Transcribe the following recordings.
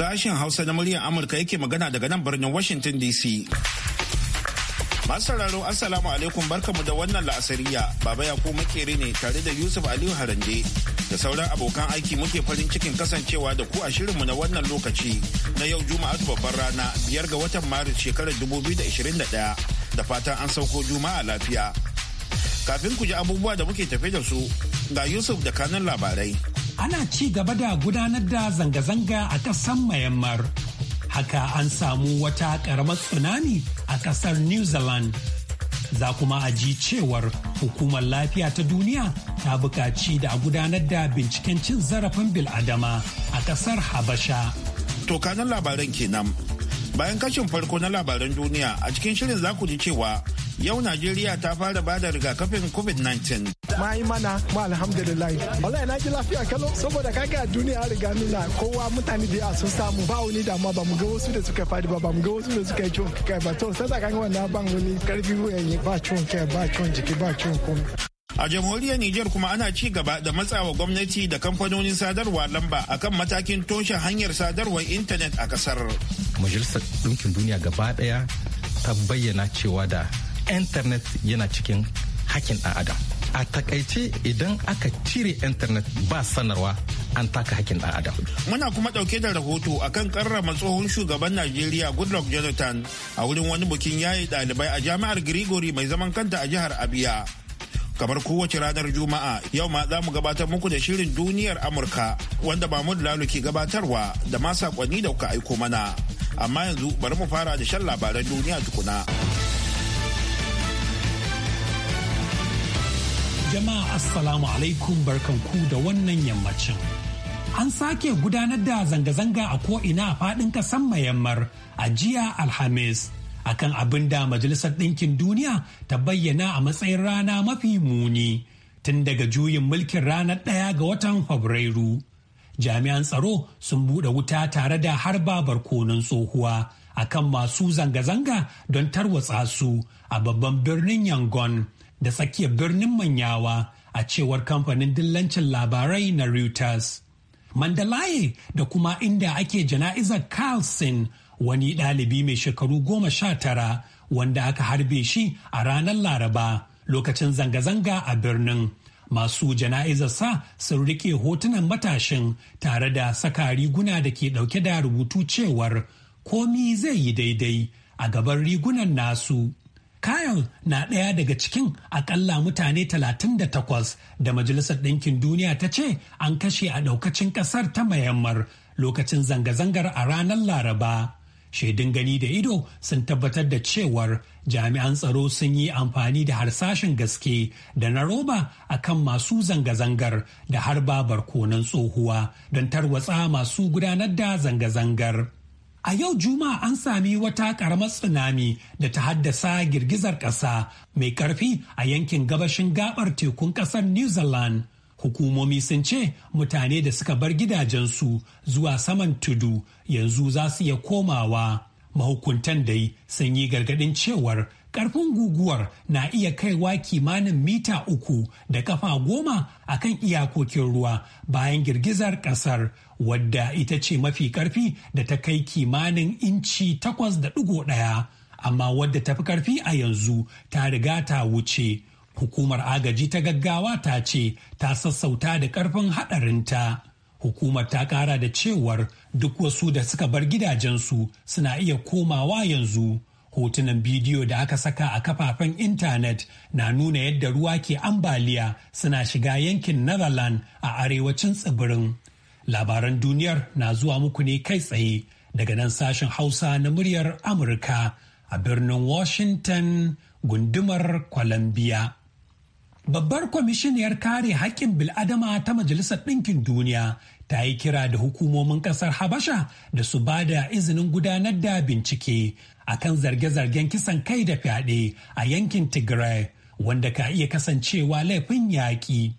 Sashen Hausa na muryar Amurka yake magana daga nan birnin Washington DC. Masu Masararo Assalamu alaikum barkamu da wannan la'asariya Baba ya Yakubu makere ne tare da Yusuf Aliyu Harande da sauran abokan aiki muke farin cikin kasancewa da ku a shirinmu na wannan lokaci na yau Juma'a babbar rana biyar ga watan Maris shekarar 2021 da da da fatan an sauko Juma'a lafiya. Kafin ku ji abubuwa da muke tafe da su ga Yusuf da kanun labarai. ana ci gaba da gudanar da zanga-zanga a ƙasar Myanmar. Haka an samu wata ƙaramar tsunami a ƙasar New Zealand. Za kuma a ji cewar hukumar lafiya ta duniya ta buƙaci da gudanar da binciken cin zarafin bil'adama a ƙasar Habasha. To kanan labaran kenan. Bayan kashin farko na labaran duniya a cikin shirin za ku ji cewa yau Najeriya ta fara bada rigakafin COVID-19. ma yi mana ma alhamdulillah wallahi na ji lafiya kalo saboda kaga duniya riga nuna kowa mutane da yawa sun samu ba wani damuwa ba mu ga wasu da suka fadi ba ba mu ga wasu da suka yi ciwon kai ba to sai kaga wannan ban wani karfi wuyan ba ciwon kai ba ciwon jiki ba ciwon komai A jamhuriyar Nijar kuma ana ci gaba da matsawa gwamnati da kamfanonin sadarwa lamba akan matakin toshe hanyar sadarwar intanet a kasar. Majalisar Ɗinkin Duniya gaba ɗaya ta bayyana cewa da intanet yana cikin hakkin ɗan adam. a takaice idan aka cire intanet ba sanarwa an taka hakkin ɗan adam. Muna kuma ɗauke da rahoto akan karrama tsohon shugaban Najeriya Goodluck Jonathan a wurin wani bukin yayi ɗalibai a jami'ar Gregory mai zaman kanta a jihar Abia. Kamar kowace ranar Juma'a yau ma za mu gabatar muku da shirin duniyar Amurka wanda Mahmud lalu ke gabatarwa da ma sakonni da kuka aiko mana. Amma yanzu bari mu fara da shan labaran duniya tukuna. Jama'a Assalamu alaikum barkanku da wannan yammacin. An sake gudanar da zanga-zanga a ko'ina a faɗin ƙasan Mayammar a jiya Alhamis. akan abin da Majalisar Ɗinkin Duniya ta bayyana a matsayin rana mafi muni tun daga juyin mulkin ranar ɗaya ga watan Fabrairu. Jami'an tsaro sun buɗe wuta tare da harba barkonon tsohuwa akan masu zanga-zanga don tarwatsa su a babban birnin Yangon. da tsakiyar birnin manyawa a cewar kamfanin dillancin labarai na Reuters. Mandalaye da kuma inda ake jana'izar Carlson wani ɗalibi mai shekaru goma sha tara wanda aka harbe shi a ranar Laraba lokacin zanga-zanga a birnin. Masu jana'izar sa sun rike hotunan matashin tare da saka riguna da ke ɗauke da rubutu cewar komi zai yi daidai a gaban rigunan nasu. Kyle na ɗaya daga cikin akalla mutane 38 da Majalisar Ɗinkin Duniya ta ce an kashe a ɗaukacin ƙasar ta Mayammar lokacin zanga-zangar a ranar Laraba. Shaidun gani da ido sun tabbatar da cewar jami'an tsaro sun yi amfani da harsashin gaske da na roba a kan masu zanga-zangar da harba konan tsohuwa don tarwatsa masu gudanar da zanga-zangar. A yau Juma'a an sami wata ƙaramar tsunami da ta haddasa girgizar ƙasa mai ƙarfi a yankin gabashin gabar tekun ƙasar New Zealand. Hukumomi sun ce mutane da suka bar gidajensu zuwa saman tudu yanzu za su iya komawa. mahukuntan dai sun yi gargadin cewar karfin guguwar na iya kaiwa kimanin mita uku da kafa goma a kan iyakokin ruwa bayan girgizar kasar wadda ita ce mafi karfi da ta kai kimanin inci takwas da ɗigo ɗaya amma wadda tafi karfi a yanzu ta riga ta wuce hukumar agaji ta gaggawa ta ce ta sassauta da karfin haɗarinta hukumar ta ƙara da cewar duk wasu da suka bar gidajensu suna iya komawa yanzu hotunan bidiyo da aka saka a kafafen intanet na nuna yadda ruwa ke ambaliya suna shiga yankin netherland a arewacin tsibirin labaran duniyar na zuwa muku ne kai tsaye daga nan sashen hausa na muryar amurka a birnin washington gundumar columbia babbar kwamishiniyar kare haƙƙin bil'adama ta majalisar ɗinkin duniya ta yi kira da hukumomin kasar habasha da su ba da izinin gudanar da bincike a kan zarge-zargen kisan kai da fyaɗe a yankin tigray wanda ka iya kasancewa laifin yaƙi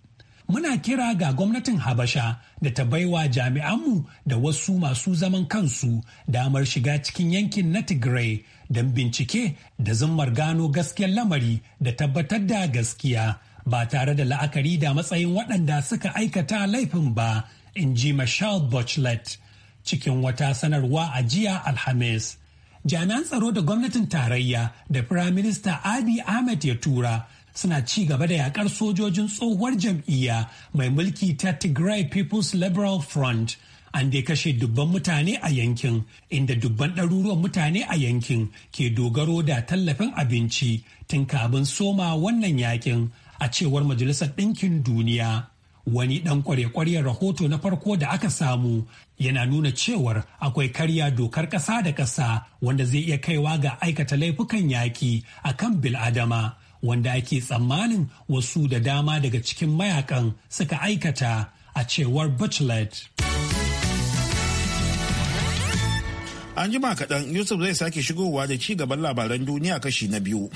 muna kira ga gwamnatin habasha da ta baiwa jami'anmu da wasu masu zaman kansu damar shiga cikin yankin na tigray don bincike da zummar gano gaskiyar lamari da tabbatar da gaskiya ba tare da la'akari da matsayin waɗanda suka aikata laifin ba in ji Michelle Bachelet cikin wata sanarwa a jiya Alhamis. Jami'an tsaro da gwamnatin tarayya da Firaminista Abiy Ahmed ya tura suna ci gaba da yakar sojojin tsohuwar jam'iyya mai mulki ta Tigray People's Liberal Front. An dai kashe dubban mutane a yankin, inda dubban ɗaruruwan mutane a yankin ke dogaro da tallafin abinci tun kabin soma wannan yakin a cewar Majalisar Ɗinkin Duniya. wani ɗan kware-kware rahoto na farko da aka samu yana nuna cewar akwai karya dokar ƙasa da ƙasa wanda zai iya kaiwa ga aikata laifukan yaƙi a kan bil'adama wanda ake tsammanin wasu da dama daga cikin mayakan suka aikata a cewar Butchlet. An jima kaɗan Yusuf zai sake shigowa da ci gaban labaran duniya kashi na biyu.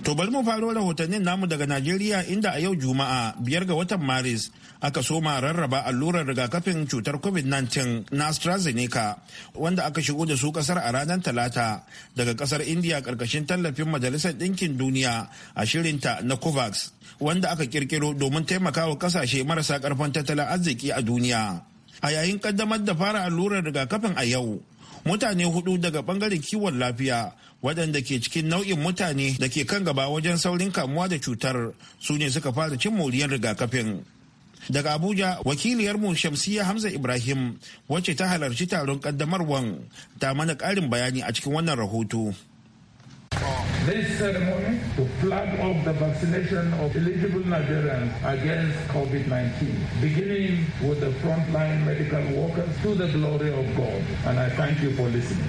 To bari mu faro rahotannin namu daga Najeriya inda a yau Juma'a biyar ga watan Maris aka soma rarraba allurar rigakafin cutar COVID-19 na AstraZeneca wanda aka shigo da su kasar a ranar Talata daga kasar India karkashin tallafin Majalisar Dinkin Duniya a shirinta na COVAX wanda aka kirkiro domin taimakawa kasashe marasa karfin tattalin arziki a duniya. A yayin kaddamar da fara allurar rigakafin a yau, mutane hudu daga bangaren kiwon lafiya waɗanda ke cikin nau'in mutane da ke kan gaba wajen saurin kamuwa da cutar su ne suka fara cin moriyar rigakafin daga abuja wakiliyarmu shamsiya hamza ibrahim wacce ta halarci taron kaddamarwan ta mana ƙarin bayani a cikin wannan rahoto This ceremony to flag off the vaccination of eligible Nigerians against COVID-19, beginning with the frontline medical workers to the glory of God. And I thank you for listening.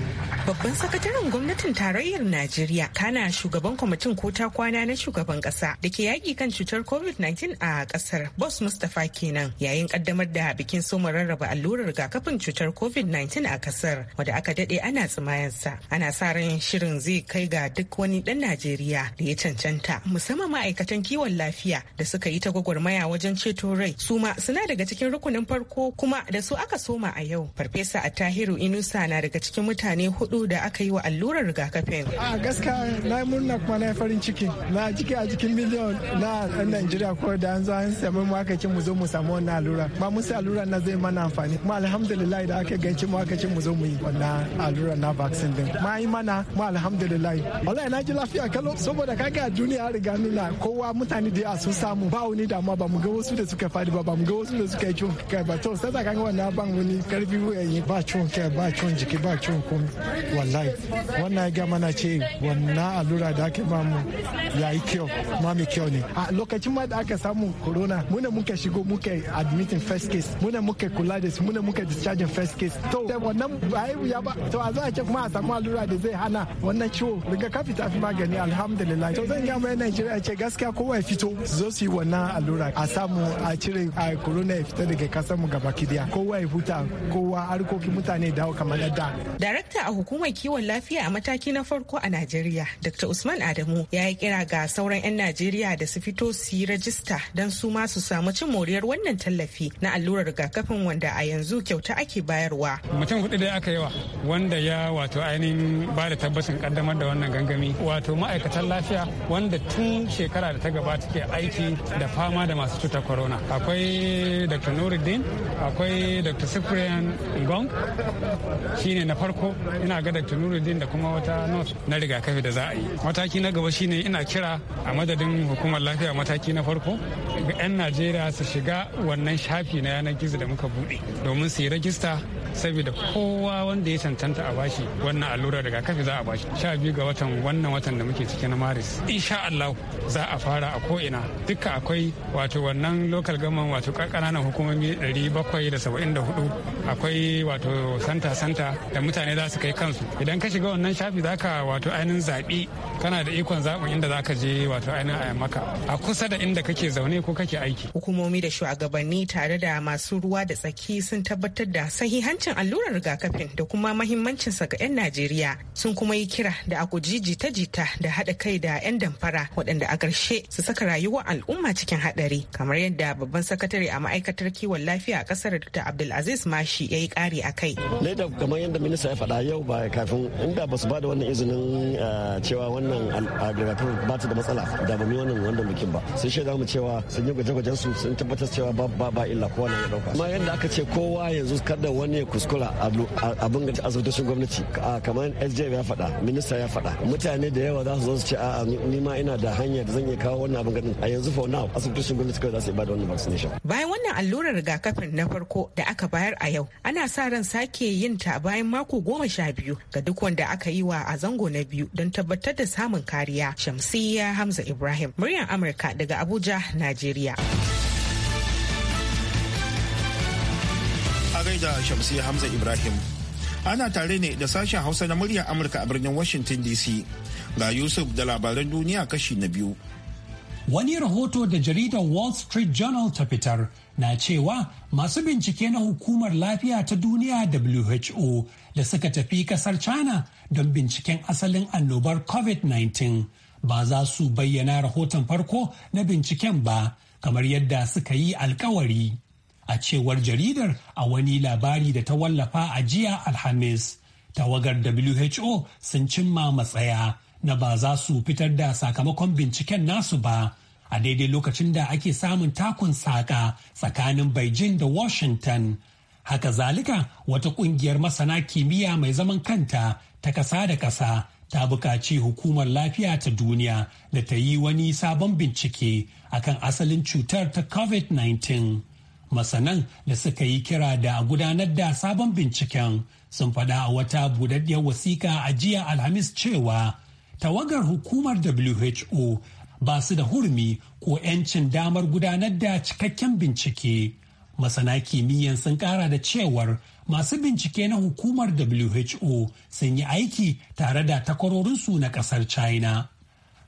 Babban sakataren gwamnatin tarayyar Najeriya kana shugaban kwamitin ko ta kwana na shugaban kasa da ke yaƙi kan cutar COVID-19 a ƙasar Bos Mustapha kenan yayin ƙaddamar da bikin soma rarraba allurar rigakafin cutar COVID-19 a ƙasar wadda aka daɗe ana tsimayensa. Ana sa ran shirin zai kai ga duk wani wani ɗan Najeriya da ya cancanta musamman ma'aikatan kiwon lafiya da suka yi ta gwagwarmaya wajen ceto rai su ma suna daga cikin rukunin farko kuma da su aka soma a yau. Farfesa Attahiru Inusa na daga cikin mutane hudu da aka yi wa allurar rigakafin. A gaskiya na murna kuma na farin ciki na ciki a cikin miliyon na ɗan Najeriya ko da an zo an sami makakin mu zo mu samu wannan allura. Ma mun sai allura na zai mana amfani kuma alhamdulillah da aka ganci makacin mu zo mu yi wannan allura na vaccine din. Ma yi mana ma alhamdulillah. Wallahi na abinci lafiya kalau saboda kaga duniya riga nuna kowa mutane da sun samu ba wani damuwa ba mu ga wasu da suka fadi ba ba mu ga wasu da suka yi ciwon kai ba to sai kaga wannan ban wani karfi wuyayi ba ciwon kai ba ciwon jiki ba ciwon komai wallahi wannan ya ga mana ce wannan allura da ake ba mu ya yi kyau ma mai kyau ne a lokacin ma da aka samu corona muna muka shigo muka admitting first case muna muka kula da su muna muka discharging first case to wannan ba ya ba to a za a ce kuma a samu allura da zai hana wannan ciwo rigakafi tafi magani alhamdulillah to zan gama yana jira ce gaskiya kowa ya fito zo su yi wannan allura a samu a cire a corona ya fita daga kasar mu gaba kidiya kowa ya huta kowa harkokin mutane dawo kamar da darakta a hukumar kiwon lafiya a mataki na farko a Najeriya Dr Usman Adamu ya yi kira ga sauran 'yan Najeriya da su fito su yi rajista don su ma su samu cin moriyar wannan tallafi na allurar rigakafin wanda a yanzu kyauta ake bayarwa. Mutum hudu da aka yawa wanda ya wato ainihin ba da tabbacin kaddamar da wannan gangami wato ma'aikatan lafiya wanda tun shekara da ta gabata ke aiki da fama da masu cutar corona akwai dr nuruddin akwai dr cyprian gong shine na farko ina ga dr nuruddin da kuma wata nurse na rigakafi da za a yi mataki na gaba shine ina kira a madadin hukumar lafiya mataki na farko ga 'yan najeriya su shiga wannan shafi na yanar gizo da muka buɗe domin su yi rajista saboda kowa wanda ya cancanta a bashi wannan allurar rigakafi za a bashi sha biyu ga watan wannan watan da muke ciki na maris insha allah za a fara a ko'ina duka akwai wato wannan lokal gaman wato kananan hukumomi bakwai da da saba'in hudu. akwai wato santa santa da mutane za su kai kansu idan ka shiga wannan shafi za ka wato ainihin zaɓi kana da ikon zaɓin inda za ka je wato ainihin a maka a kusa da inda kake zaune ko kake aiki. Hukumomi da shugabanni tare da masu ruwa da tsaki sun tabbatar da sahihancin allurar rigakafin da kuma mahimmancinsa ga 'yan Najeriya sun kuma yi kira da a guji jita-jita da haɗa kai da 'yan damfara waɗanda a ƙarshe su saka rayuwar al'umma cikin haɗari kamar yadda babban sakatare a ma'aikatar kiwon lafiya a ƙasar Dr. Abdulaziz Mashi ya yi ƙari a kai. da kamar yadda minista ya faɗa yau ba kafin inda ba su ba da wannan izinin eh, cewa wannan wannan algarator ba ta da matsala da ba mu wannan wanda bikin ba sun shaida mu cewa sun yi gwaje-gwajen su sun tabbatar cewa ba ba ba illa kowa na ya dauka amma yanda aka ce kowa yanzu kada wani ya kuskura abin ga asibitocin gwamnati kamar SJ ya faɗa minista ya faɗa mutane da yawa za su zo su ce a'a ni ma ina da hanya da zan iya kawo wannan abin gadin a yanzu for now asibitocin gwamnati kawai za su ba da wannan vaccination bayan wannan allurar rigakafin na farko da aka bayar a yau ana sa ran sake yin ta bayan mako goma sha biyu ga duk wanda aka yi wa a zango na biyu don tabbatar da samun kariya Shamsiyya Hamza Ibrahim muryar Amurka daga Abuja, Najeriya. A gaida Shamsiyya Hamza Ibrahim. Ana tare ne da sashen Hausa na muryar Amurka a birnin Washington DC. Ga Yusuf da labaran duniya kashi na biyu. Wani rahoto da jaridar Wall Street Journal ta fitar na cewa masu bincike na hukumar lafiya ta duniya WHO da suka tafi kasar China don binciken asalin annobar COVID-19 ba za su bayyana rahoton farko na binciken ba kamar yadda suka yi alkawari. A cewar jaridar a wani labari da ta wallafa a jiya Alhamis, tawagar WHO sun cimma matsaya na ba za su fitar da sakamakon binciken nasu ba. a daidai lokacin da ake samun takun saƙa tsakanin Beijing da Washington Haka zalika wata kungiyar masana kimiyya mai zaman kanta ta kasa da kasa ta buƙaci hukumar lafiya ta duniya da ta yi wani sabon bincike akan asalin cutar ta COVID-19. Masanan da suka yi kira da gudanar da sabon binciken sun faɗa a wata budaddiyar wasiƙa a jiya Alhamis cewa tawagar hukumar WHO ba su da hurmi ko 'yancin damar gudanar da cikakken bincike. masana kimiyyan sun kara da cewar masu bincike na hukumar who sun yi aiki tare da takwarorinsu na kasar china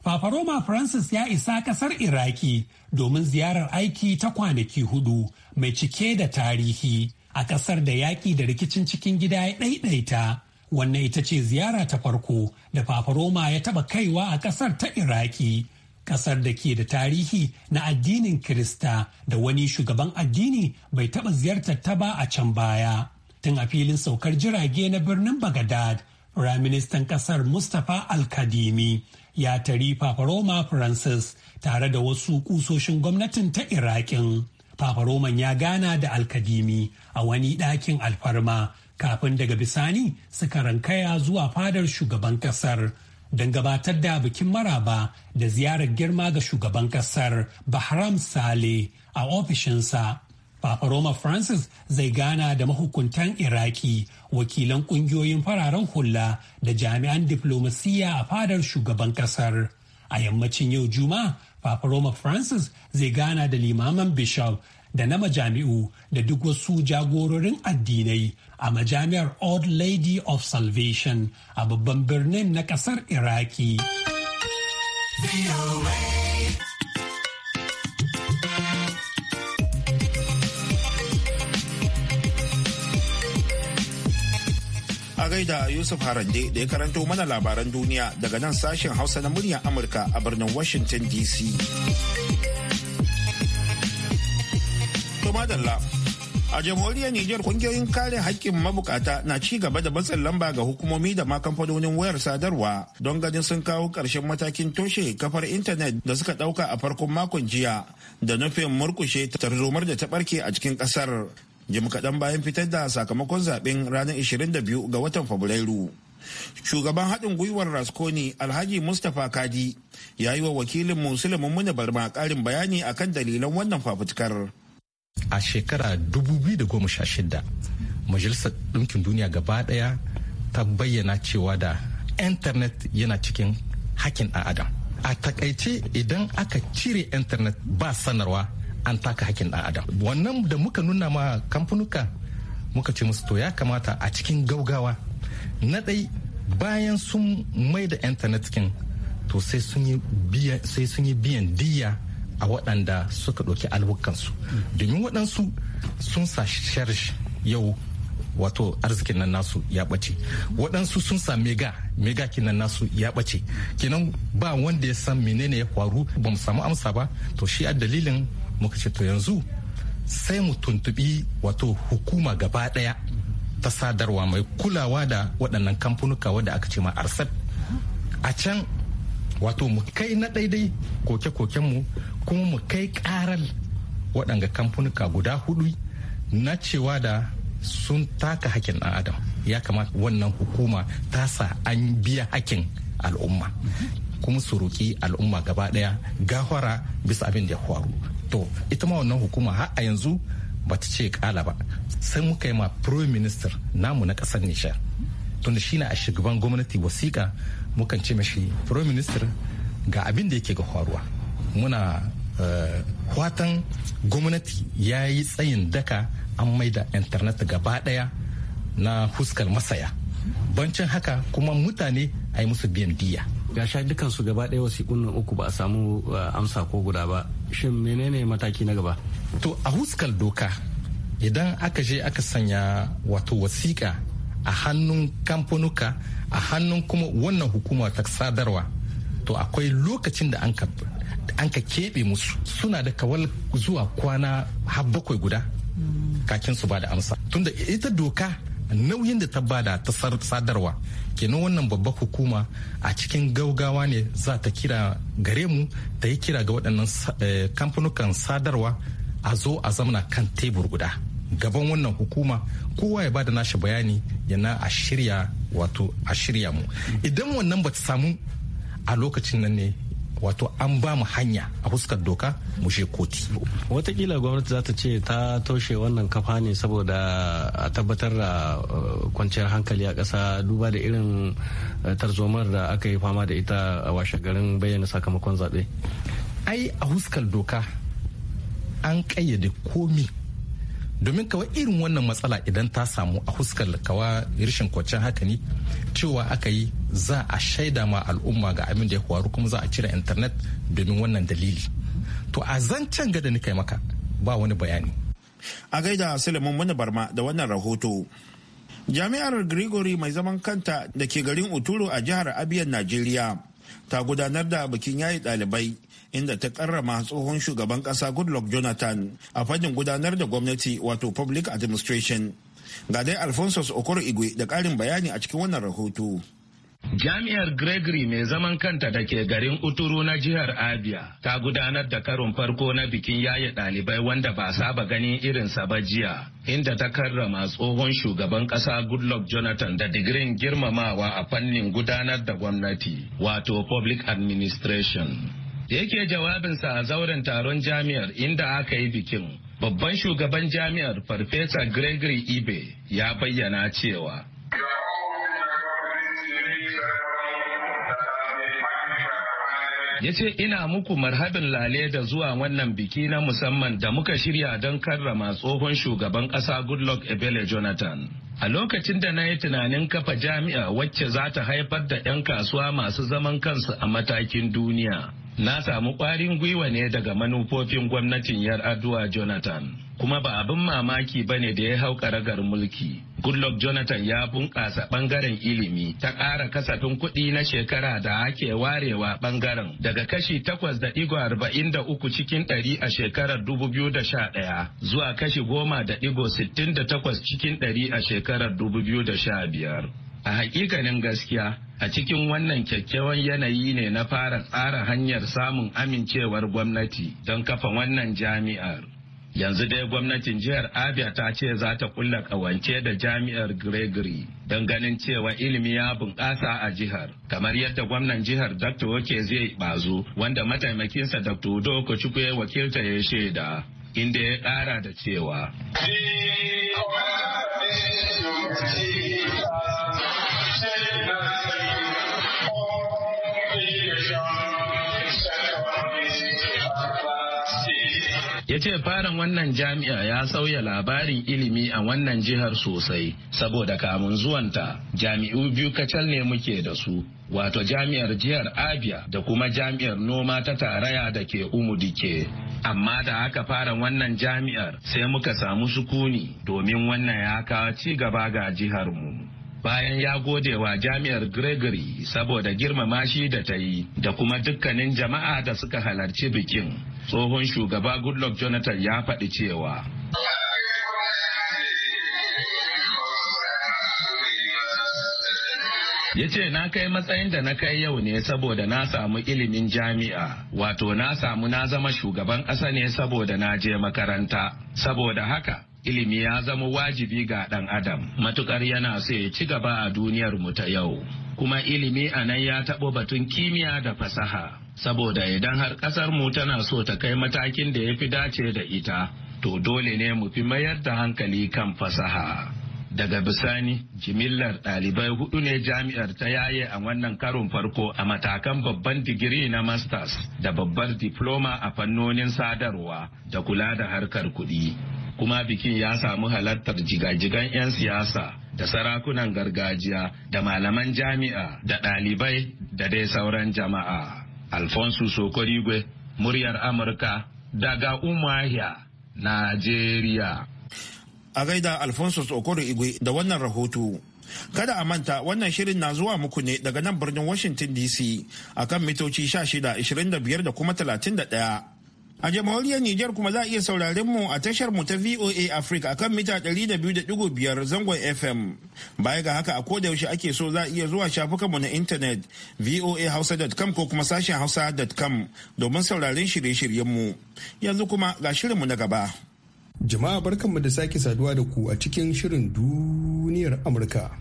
Paparoma Francis ya isa kasar Iraki domin ziyarar aiki ta kwanaki hudu mai cike da tarihi a kasar da yaƙi da rikicin cikin gida ya ɗaiɗaita. Wannan ita ce ziyara ta farko da Paparoma ya taɓa kaiwa a kasar ta Iraki Kasar da ke da tarihi na addinin Kirista da wani shugaban addini bai taɓa ziyartar ta ba a can baya. Tun a filin saukar jirage na birnin Bagadad, Firaministan Kasar Mustapha Al-Kadimi ya tari Papa Roma Francis tare da wasu kusoshin gwamnatin ta Irakin. Papa Roman ya gana da Al-Kadimi a wani ɗakin alfarma kafin daga bisani suka rankaya zuwa fadar shugaban kasar. don gabatar da bikin maraba da ziyarar girma ga shugaban kasar Bahram sale a ofishinsa. Papa Roma Francis zai gana da mahukuntan Iraki, wakilan kungiyoyin fararen hula da jami'an diflomasiyya a fadar shugaban kasar. A yammacin yau Juma'a, Papa Roma Francis zai gana da limaman Bishop da na majami'u da duk wasu jagororin addinai a majami'ar Old Lady of Salvation a babban birnin na kasar Iraki. A gaida Yusuf Harande da ya karanto mana labaran duniya daga nan sashen Hausa na muryar Amurka a birnin Washington DC. madalla. A jamhuriyar Nijar kungiyoyin kare haƙƙin mabukata na ci gaba da matsin lamba ga hukumomi da ma kamfanonin wayar sadarwa don ganin sun kawo ƙarshen matakin toshe kafar intanet da suka ɗauka a farkon makon jiya da nufin murkushe tarzomar da ta ɓarke a cikin ƙasar. Jim kaɗan bayan fitar da sakamakon zaɓen ranar 22 ga watan Fabrairu. shugaban haɗin gwiwar rasconi alhaji mustapha kadi ya yi wa wakilin musulmin muna barma ƙarin bayani akan dalilan wannan fafutukar a shekara 2016 majalisar ɗinkin duniya gaba ɗaya ta bayyana cewa da intanet yana cikin hakin ɗan adam a takaice idan aka cire intanet ba sanarwa an taka hakin ɗan adam wannan da muka nuna ma kamfanuka muka ce musu to ya kamata a cikin gaugawa na ɗai bayan sun mai da intanet kin to sai sun yi biyan diya a waɗanda suka ɗauki alwukansu domin waɗansu sun sa sharish yau wato arzikin nan nasu ya ɓace waɗansu sun sa mega mega kinan nasu ya ɓace kinan ba wanda ya san menene ya faru ba mu samu amsa ba to shi a dalilin muka ce to yanzu sai mu tuntuɓi wato hukuma gaba ɗaya ta sadarwa mai kulawa da waɗannan kamfanuka wadda aka ce ma arsat a can wato mu kai na daidai koke-koken mu kuma mu kai karar waɗanga kamfanuka guda hudu na cewa da sun taka hakin ɗan adam ya kamata wannan hukuma ta sa an biya hakin al'umma kuma su roƙi al'umma gaba ɗaya gahwara bisa abin da ya faru to ita ma wannan hukuma har a yanzu ba ta ce kala ba sai muka yi ma prime minister namu na ƙasar nishar tunda shi na a shugaban gwamnati wasiƙa mukan ce mashi prime minister ga abin da yake ga faruwa muna kwatan eh, gwamnati ya yi tsayin daka an maida internet gaba daya na fuskar masaya bancin haka kuma mutane a yi musu biyan diya ga sha dukansu gaba daya wasiƙun nan uku ba a samu eh, amsa ko guda ba shin menene mataki na gaba to a fuskar doka idan aka je aka sanya wato wasiƙa a hannun kamfanuka a hannun kuma wannan hukuma ta sadarwa to akwai lokacin da an ka keɓe musu suna da kawal zuwa kwana har bakwai guda kakin su ba da amsa tunda ita doka nauyin da ta bada ta sadarwa kenan wannan babbar hukuma a cikin gaugawa ne za ta kira gare mu ta yi kira ga waɗannan eh, kamfanukan sadarwa a zo a zamana kan tebur guda gaban wannan hukuma kowa ya bada nashi bayani yana a shirya wato a shirya mu idan wannan bata samu a lokacin nan ne wato an ba mu hanya a fuskar doka mu je koti. watakila gwamnati za ta ce ta toshe wannan kafa ne saboda a tabbatar da uh, kwanciyar hankali a ƙasa duba da irin uh, tarzomar da aka yi fama da ita a washe garin bayyana sakamakon zaɓe. ai a fuskar doka an kayyade komi domin kawai irin wannan matsala idan ta samu a huskar kawa rashin kwanciyar haka ne cewa aka yi za a shaida ma al'umma ga abin da ya faru kuma za a cire intanet domin wannan dalili to a zancen gada ni kai maka ba wani bayani a gaida sulaiman wani barma da wannan rahoto jami'ar gregory mai zaman kanta da ke garin uturu a jihar Abiyan najeriya ta gudanar da bikin yayi ɗalibai inda ta karrama tsohon shugaban kasa goodluck jonathan a fannin gudanar da gwamnati wato public administration ga dai alphonsus okoro igwe da karin bayani a cikin wannan rahoto Jami'ar Gregory mai zaman kanta da ke garin Uturu na jihar Abia ta gudanar da karon farko na bikin yaye dalibai wanda ba saba ganin irinsa ba jiya, inda ta karrama tsohon shugaban kasa Goodluck Jonathan da digirin girmamawa a fannin gudanar da gwamnati, wato Public Administration. Da yake jawabinsa a zauren taron jami'ar inda aka yi bikin, babban shugaban jami'ar Farfesa Gregory Ibe ya bayyana cewa. yace ina muku marhabin lale da zuwa wannan biki na musamman da muka shirya don karrama tsohon shugaban ƙasa goodluck ebele jonathan a lokacin da na yi tunanin kafa jami'a wacce za ta haifar da 'yan kasuwa masu zaman kansu a matakin duniya na samu ƙwarin gwiwa ne daga manufofin gwamnatin 'yar addu'a jonathan kuma ba abin mamaki ba ne da ya hau ƙaragar mulki. Goodluck Jonathan ya bunƙasa ɓangaren ilimi ta ƙara kasafin kuɗi na shekara da ake warewa ɓangaren daga kashi takwas da ɗigo arba'in da uku cikin ɗari a shekarar dubu biyu da sha ɗaya zuwa kashi goma da ɗigo sittin da takwas cikin ɗari a shekarar dubu biyu da sha biyar. A hakikanin gaskiya, a cikin wannan kyakkyawan yanayi ne na fara tsara hanyar samun amincewar gwamnati don kafa wannan jami'ar yanzu dai gwamnatin jihar abia ta ce za ta kulla kawance da jami'ar gregory don ganin cewa ilimi ya bunƙasa a jihar kamar yadda gwamnan jihar dr oke zai bazu wanda mataimakinsa dr udo ya wakilta ya shaida inda ya ƙara da cewa ce farin wannan jami'a ya sauya labarin ilimi a wannan jihar sosai saboda kamun zuwanta jami'u biyu kacal ne muke da su wato jami'ar jihar abia da kuma jami'ar noma ta taraya da ke umudike amma da aka fara wannan jami'ar sai muka samu sukuni domin wannan ya kawo ci gaba ga jihar mu. bayan ya gode wa jami'ar gregory saboda girmama shi da ta yi da kuma dukkanin jama'a da suka halarci bikin tsohon shugaba goodluck jonathan ya faɗi cewa ya ce na kai matsayin da na kai yau ne saboda na samu ilimin jami'a wato na samu na zama shugaban ƙasa ne saboda na je makaranta saboda haka ilimi ya zama wajibi ga ɗan adam matukar yana so ya ci gaba a duniyar mu ta yau kuma ilimi a nan ya taɓo batun kimiyya da fasaha saboda idan har kasar mu tana so ta kai matakin da ya fi dace da ita to dole ne mu fi mayar da hankali kan fasaha daga bisani jimillar ɗalibai hudu ne jami'ar ta yaye a wannan karon farko a matakan babban digiri na masters da babbar diploma a fannonin sadarwa da kula da harkar kuɗi kuma bikin ya samu halartar jigajigan 'yan siyasa da sarakunan gargajiya da malaman jami'a da ɗalibai da dai sauran jama'a Alfonso Sokorigwe, muryar Amurka daga Umahia, Najeriya. A gaida Alfonso Sokorigwe da wannan rahoto. Kada a manta wannan shirin na zuwa muku ne daga nan birnin Washington DC kan mitoci 16, 25 da kuma 31. A jamhuriyar Nijar kuma za a iya sauraren mu a tashar mu ta VOA Africa akan mita ɗari da da 200.5 zangon FM. Baya ga haka a koda yaushe ake so za a iya zuwa shafukan mu na intanet voahausa.com ko kuma sashen hausa.com domin sauraren shirye-shiryen mu. Yanzu kuma ga shirin mu na gaba. Jama'a barkanmu da sake saduwa da ku a cikin shirin duniyar Amurka.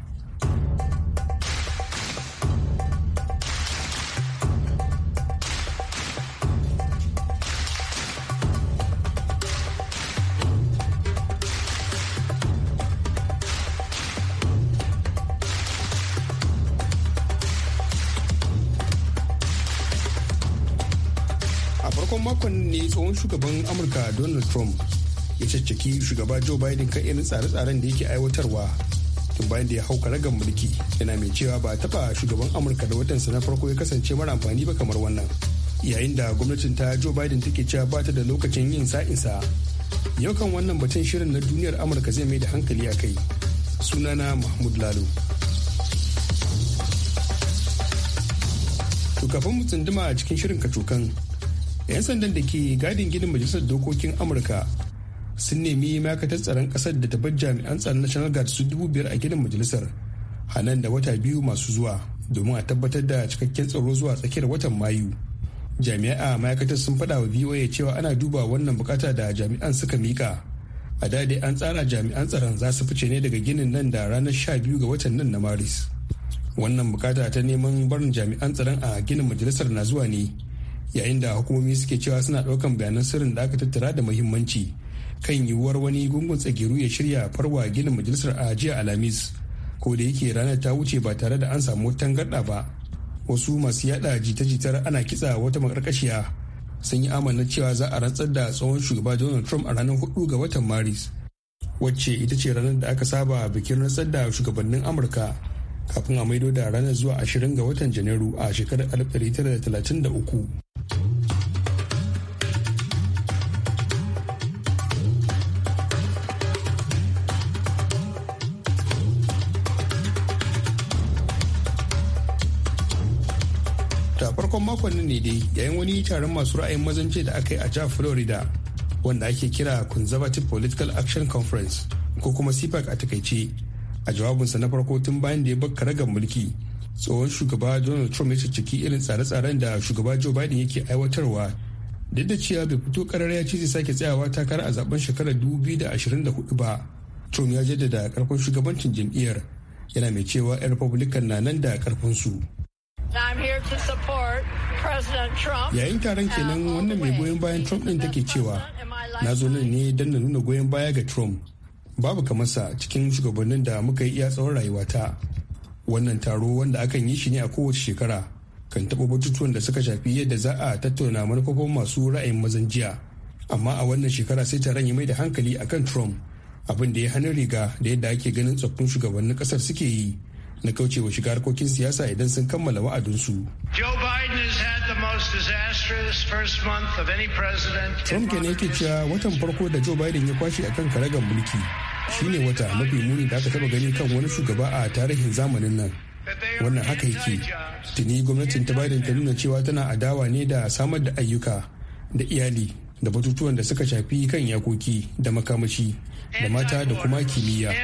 makon ne tsohon shugaban amurka donald trump ya caccaki shugaba joe biden kan irin tsare-tsaren da yake aiwatarwa tun bayan da ya hau karagar mulki yana mai cewa ba taba shugaban amurka da watansa na farko ya kasance mara amfani ba kamar wannan yayin da gwamnatin ta joe biden take cewa ba ta da lokacin yin sa'insa yau kan wannan batun shirin na duniyar amurka zai mai da hankali a kai sunana mahmud lalo kafin mu tsunduma a cikin shirin kacokan 'yan sandan da ke gadin gidan majalisar dokokin amurka sun nemi ma'aikatar tsaron kasar da bar jami'an tsaron national guard su dubu biyar a gidan majalisar hanan da wata biyu masu zuwa domin a tabbatar da cikakken tsaro zuwa tsakiyar watan mayu jami'a ma'aikatar sun faɗa wa voa cewa ana duba wannan bukata da jami'an suka mika a dade an tsara jami'an tsaron za su fice ne daga ginin nan da ranar sha biyu ga watan nan na maris wannan bukata ta neman barin jami'an tsaron a ginin majalisar na zuwa ne yayin da hukumomi suke cewa suna ɗaukan bayanan sirrin da aka tattara da muhimmanci kan yiwuwar wani gungun tsagiru ya shirya farwa ginin majalisar a jiya alhamis ko da yake ranar ta wuce ba tare da an samu tangarɗa ba wasu masu yada jita-jitar ana kitsa wata makarkashiya sun yi amana cewa za a rantsar da tsohon shugaba donald trump a ranar hudu ga watan maris wacce ita ce ranar da aka saba bikin rantsar da shugabannin amurka kafin a maido da ranar zuwa 20 ga watan janairu a shekarar 1933 a farkon makon nan ne dai yayin wani taron masu ra'ayin mazance da aka yi a jihar florida wanda ake kira conservative political action conference ko kuma cpac a takaice a jawabinsa na farko tun bayan da ya bakka ragar mulki tsohon shugaba donald trump ya ciki irin tsare-tsaren da shugaba joe biden yake aiwatarwa duk da cewa bai fito karar ya ce zai sake tsayawa takara a zaben shekarar 2024 ba trump ya jaddada karfin shugabancin jam'iyyar yana mai cewa 'yan republican na nan da karfin su Yayin taron kenan wannan mai goyon bayan Trump ɗin take cewa, na zo nan ne don na nuna goyon baya ga Trump. Babu kamarsa cikin shugabannin da muka yi iya tsawon rayuwata. Wannan taro wanda akan yi shi ne a kowace shekara kan taɓa batutuwan da suka shafi yadda za a tattauna manufofin masu ra'ayin mazan jiya. Amma a wannan shekara sai taron ya mai da hankali akan Trump abin da ya hana riga da yadda ake ganin tsoffin shugabannin ƙasar suke yi. na kaucewa shiga harkokin siyasa idan sun kammala wa'adinsu. Trump ke yake cewa watan farko da Joe Biden ya kwashe akan karagar mulki shine wata mafi muni da aka taba gani kan wani shugaba a tarihin zamanin nan. Wannan haka yake. Tuni gwamnatin ta Biden ta nuna cewa tana adawa ne da samar da ayyuka da iyali da batutuwan da suka shafi kan yakoki da makamashi da mata da kuma kimiyya.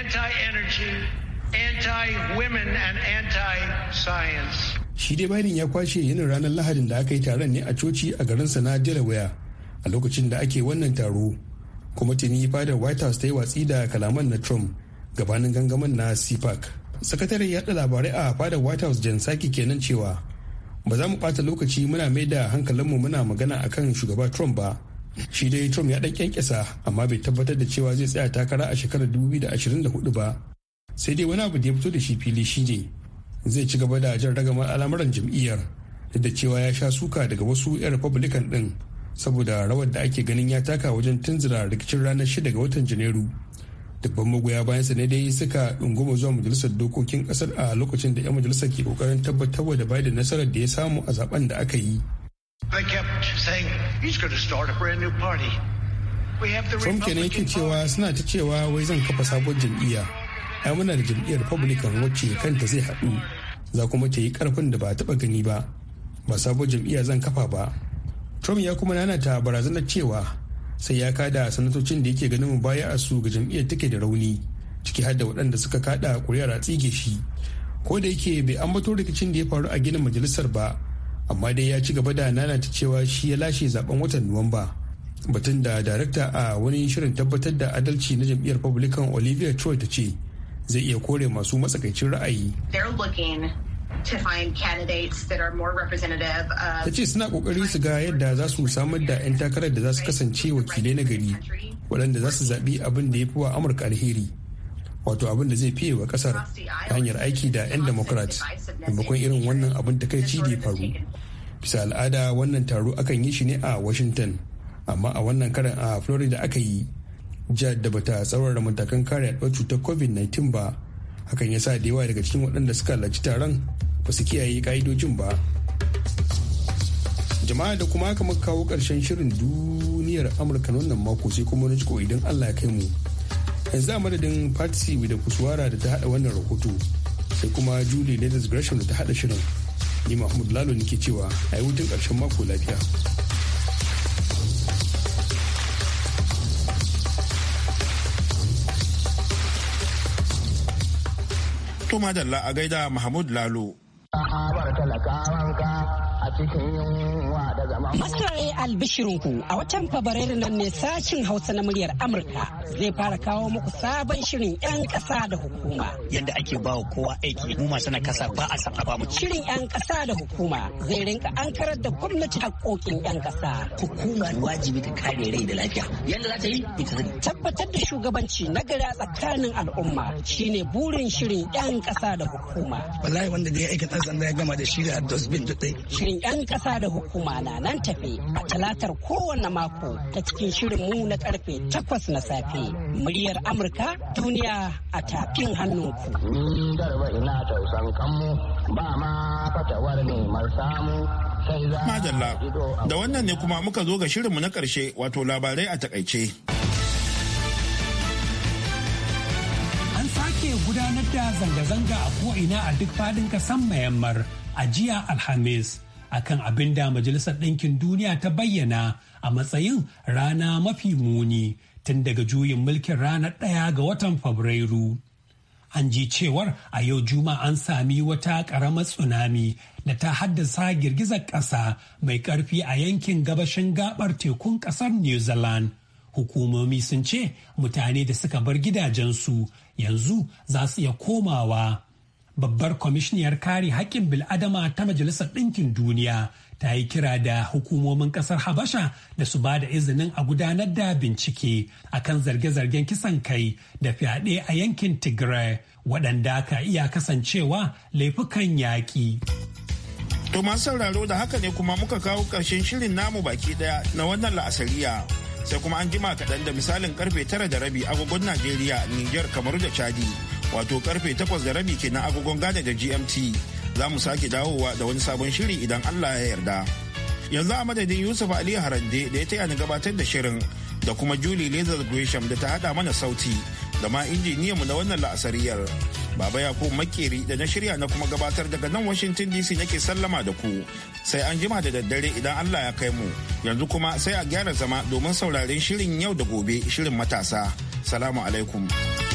anti-women and anti-science. Shi dai Biden ya kwashe yinin ranar Lahadin da aka yi taron ne a coci a garin na Delaware a lokacin da ake wannan taro. Kuma tuni fadar White House ta yi watsi da kalaman na Trump gabanin gangamin na CPAC. Sakataren yaɗa labarai a fadar White House Jen Psaki kenan cewa ba za mu ɓata lokaci muna mai da hankalinmu muna magana a kan shugaba Trump ba. Shi dai Trump ya ɗan kyankyasa amma bai tabbatar da cewa zai tsaya takara a shekarar 2024 ba. sai dai wani abu da ya fito da shi fili shi ne zai ci gaba da jan ragamar al'amuran jam'iyyar da cewa ya sha suka daga wasu 'yan republican din saboda rawar da ake ganin ya taka wajen tunzura rikicin ranar 6 ga watan janairu dubban magoya bayansa ne dai suka dunguma zuwa majalisar dokokin kasar a lokacin da 'yan majalisar ke kokarin tabbatar da biden nasarar da ya samu a zaben da aka yi Trump kenan yake cewa suna ta cewa wai zan kafa sabon jam'iyya ai muna da jam'iyyar republican wacce kanta zai haɗu za kuma ta yi karfin da ba taɓa gani ba ba sabuwar jam'iyya zan kafa ba trump ya kuma nanata barazanar cewa sai ya kada sanatocin da yake ganin baya a su ga jam'iyyar take da rauni ciki har da waɗanda suka kada kuri'ar a tsige shi ko da yake bai ambato rikicin da ya faru a ginin majalisar ba amma dai ya ci gaba da nanata cewa shi ya lashe zaben watan nuwamba batun da darakta a wani shirin tabbatar da adalci na jam'iyyar republican olivia troy ta ce zai iya kore masu matsakaicin ra'ayi. Ta ce suna kokari su ga yadda za su samar da 'yan takarar da za su kasance wakilai na gari waɗanda za su zaɓi abin da ya fi wa Amurka alheri. Wato abin da zai fiye wa ƙasar ta hanyar aiki da 'yan Democrat maimakon irin wannan abin takaici da ya faru. Bisa al'ada wannan taro akan yi shi ne a Washington, amma a wannan karan a Florida aka yi. jihar da bata tsawara matakan kare yaduwar cutar covid-19 ba hakan ya sa da yawa daga cikin waɗanda suka halarci taron ba su kiyaye ka'idojin ba jama'a da kuma haka muka kawo ƙarshen shirin duniyar amurka na wannan mako sai kuma wani idan allah ya kai mu yanzu a madadin patsy da kuswara da ta haɗa wannan rahoto sai kuma julie latest gresham da ta haɗa shirin ni mahmud lalo nake cewa a yi hutun ƙarshen mako lafiya To madalla a gaida Mahmud Lalo. cikin yunwa da albishirinku a watan Fabrairu nan ne sashin Hausa na muryar Amurka zai fara kawo muku sabon shirin 'yan ƙasa da hukuma. Yadda ake ba wa kowa aiki mu masu na kasa ba a san ba mu. Shirin 'yan ƙasa da hukuma zai rinka ankarar da gwamnati haƙoƙin 'yan ƙasa. Hukuma wajibi ta kare rai da lafiya. Yadda za ta yi ita Tabbatar da shugabanci na gari a tsakanin al'umma shine burin shirin 'yan ƙasa da hukuma. Wallahi wanda da ya aikata sanda ya gama da shi da dosbin dutse. Shirin 'yan ƙasa da hukuma na nan tafe a talatar kowanne mako ta cikin shirinmu na karfe takwas na safe. Muryar Amurka duniya a tafin hannunku. da wannan ne kuma muka zo ga shirin mu na ƙarshe wato labarai a takaice. gudanar da zanga-zanga a ko'ina a duk fadin kasan mayammar a jiya Alhamis akan abin da Majalisar Ɗinkin Duniya ta bayyana a matsayin rana mafi muni tun daga juyin mulkin ranar ɗaya ga watan Fabrairu. An ji cewar a yau juma an sami wata ƙaramar tsunami da ta haddasa girgizar ƙasa mai ƙarfi a yankin gabashin gabar tekun ƙasar New Zealand. Hukumomi sun ce mutane da suka bar gidajensu yanzu za su iya komawa babbar kwamishiniyar kare haƙƙin bil'adama ta majalisar ɗinkin duniya ta yi kira da hukumomin ƙasar habasha da su ba da izinin a gudanar da bincike a kan zarge-zargen kisan kai da fyaɗe a yankin tigray waɗanda ka iya kasancewa laifukan yaƙi to masu sauraro da haka ne kuma muka kawo ƙarshen shirin namu baki ɗaya na wannan la'asariya sai kuma an jima kaɗan da misalin karfe tara da rabi a agogon najeriya niger kamaru da chadi wato karfe 8 da rabi kenan agogon Ghana da GMT za mu sake dawowa da wani sabon shiri idan Allah ya yarda. Yanzu a madadin Yusuf Ali Harande da ya taya ni gabatar da shirin da kuma Julie Lazar Gresham da ta hada mana sauti da ma injiniyanmu na wannan la'asariyar. Baba Yakubu Makeri da na shirya na kuma gabatar daga nan Washington DC nake sallama da ku. Sai an jima da daddare idan Allah ya kai mu. Yanzu kuma sai a gyara zama domin sauraren shirin yau da gobe shirin matasa. Salamu alaikum.